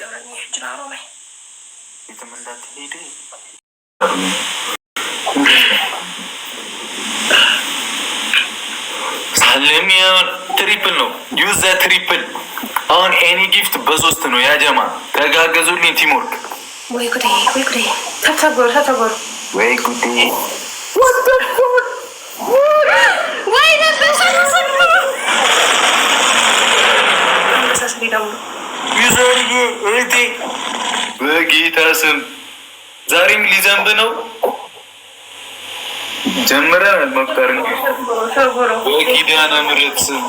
ትሪፕል ነው ዩዘ ትሪፕል አሁን ኤኒ ጊፍት በሶስት ነው ያጀማ ተጋገዙልኝ ቲሞርክ ወይ ጉዴ ወይ ጉዴ ተተጎሩ ተተጎሩ ወይ ጉዴ አይደርስም። ዛሬም ሊዘንብ ነው። ጀምረናል መቁጠር በኪዳነ ምሕረት ስም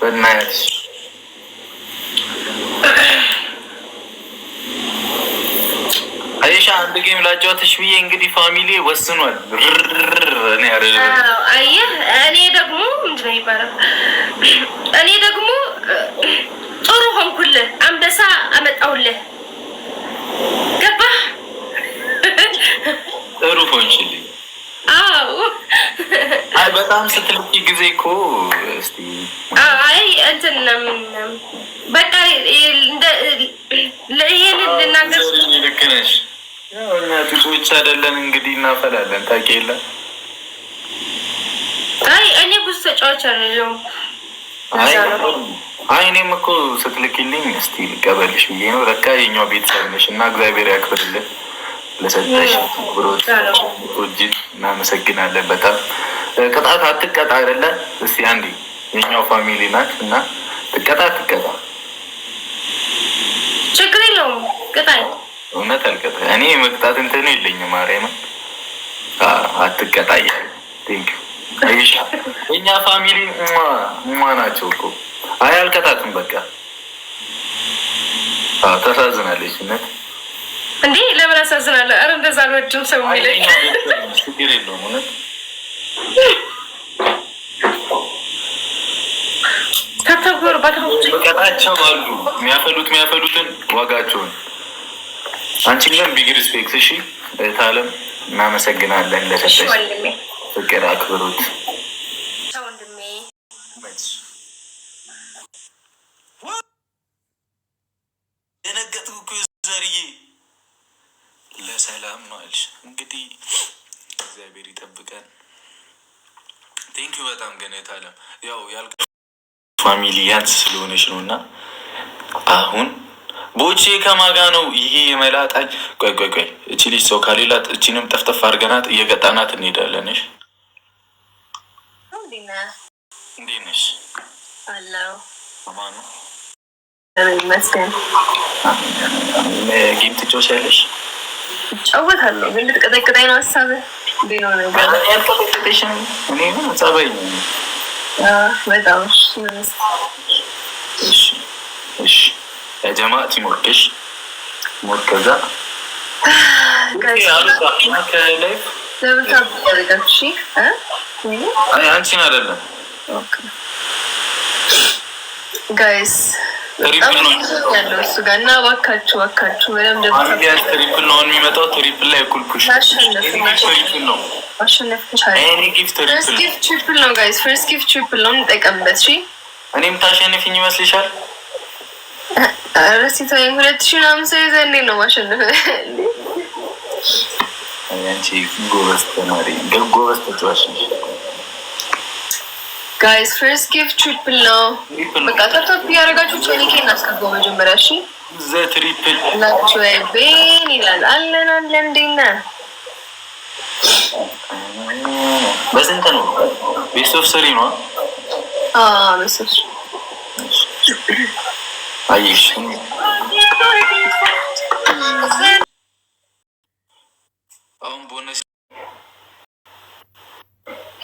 በናያች ብቻ አንድ ጌም ላጫወትሽ ብዬ እንግዲህ ፋሚሊ ወስኗል። አየህ እኔ ደግሞ ምንድን ነው እኔ ደግሞ ጥሩ ሆንኩልህ፣ አንበሳ አመጣሁልህ። ገባህ? ጥሩ ሆንሽልኝ። አዎ አይ በጣም ስትልኪ ጊዜ እኮ አይ እንትን በቃ ይሄንን ልናገር ጢሱ ብቻ አይደለን እንግዲህ እናፈላለን። ታውቂ የለን እኔ ብዙ ተጫዋች አለው። አይ እኔም እኮ ስትልክልኝ እስቲ ልቀበልሽ ብዬ ነው። ለካ የኛው ቤተሰብ ነሽ እና እግዚአብሔር ያክብርልን። ለሰጠሽ ብሮች እናመሰግናለን። በጣም ቅጣት አትቀጣ አይደለ? እስቲ አንዴ የኛው ፋሚሊ ናት እና ትቀጣ ትቀጣ ችግር የለውም ቅጣ በእውነት አልቀጠ እኔ መቅጣት እንትኑ የለኝም። ማርያም አትቀጣይ። እኛ ፋሚሊ ማ ናቸው እኮ አይ አልቀጣትም። በቃ ተሳዝናለች። ነት እንዴ ለምን አሳዝናለ? አረ እንደዛ አልወድም። ሰው የሚለኝ ችግር የለውም እውነት ከተጎር በቃታቸው አሉ የሚያፈሉት የሚያፈሉትን ዋጋቸውን አንቺ ግን ቢግ ሪስፔክት። እሺ ታለም እናመሰግናለን ለሰጠሽ ፍቅር አክብሮት። ለሰላም ማልሽ እንግዲህ እግዚአብሔር ይጠብቀን። ቴንኪዩ በጣም ገነት ያው ስለሆነች ነው እና አሁን ቦቼ ከማጋ ነው ይሄ የመላጣኝ። ቆይ ቆይ ቆይ፣ እቺ ልጅ ሰው ከሌላት እቺንም ጠፍጠፍ አድርገናት እየቀጣናት እንሄዳለን። እሺ እንዴት ነሽ? ጌም ትጫወቻለሽ? እጫወታለሁ፣ ግን ልትቀጠቅጠኝ ነው ሀሳብህ? ያልቀጠቅጠሽን እኔ በጣም ለጀማዕት ይሞርክሽ ሞርከዛ አንቺን አይደለም ጋይስ ትሪፕል ነው የሚመጣው። ትሪፕል ላይ ነው ማሸነፍ ትሪፕል ነው ጋይስ፣ እኔም ታሸንፍኝ ይመስልሻል? ረሲት ወይ ሁለት ሺ ምናምን ሰው ይዘህ እንዴት ነው ማሸነፍ? ጎበዝ ተማሪ ጋይስ ፍርስት ጊቭ ትሪፕል ነው። በቃ ታፕታፕ እያደረጋችሁ ጨሊኬ እናስገባው መጀመሪያ። እሺ ዘ ትሪፕል ናቸው ቤን ይላል። አለን አለን። እንዴት ነህ? በስንት ነው? ቤስት ኦፍ ስሪ ነው። አዎ ቤስት ኦፍ ስሪ አየሽ አሁን ቦነስ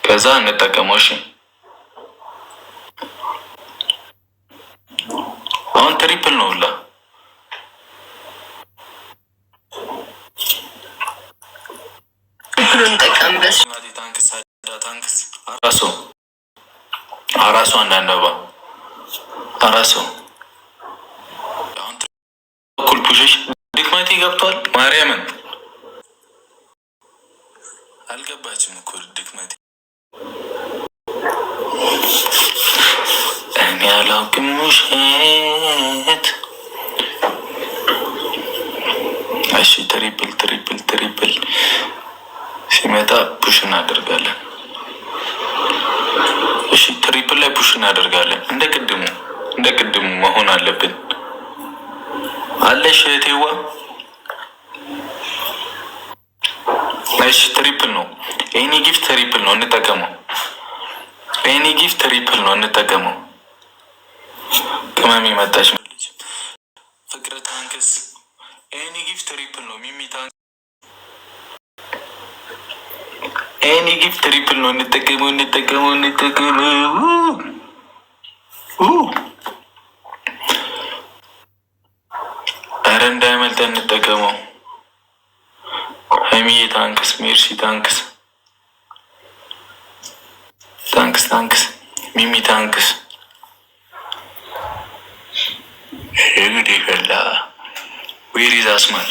ከዛ እንጠቀመው። አሁን ትሪፕል ነው ሁላ ታንክስ አራሱ አራሱ አንዳንድ አባ አራሱ ልጆች ድክመቴ ገብቷል። ማርያምን አልገባችም እኮ ድክመቴ። እኔ አላውቅም ውሸት። እሺ ትሪፕል ትሪፕል ትሪፕል ሲመጣ ፑሽ እናደርጋለን። እሺ ትሪፕል ላይ ፑሽ እናደርጋለን። እንደ ቅድሙ እንደ ቅድሙ መሆን አለብን። አለሽ እህቴዋ። እሺ ትሪፕል ነው። ኤኒ ጊፍት ትሪፕል ነው እንጠቀመው። ኤኒ ጊፍት ትሪፕል ነው እንጠቀመው። ቅመም የመጣች ልጅ ፍቅር ታንክስ። ኤኒ ጊፍት ትሪፕል ነው ሚሚ ታንክስ። ኤኒ ጊፍት ትሪፕል ነው እንጠቀመው፣ እንጠቀመው፣ እንጠቀመው እንዳይመልጠ እንጠቀመው። ሀይሚዬ ታንክስ፣ ሜርሲ ታንክስ፣ ታንክስ፣ ታንክስ፣ ሚሚ ታንክስ። የግድ ይፈላ ዌሪዝ አስማት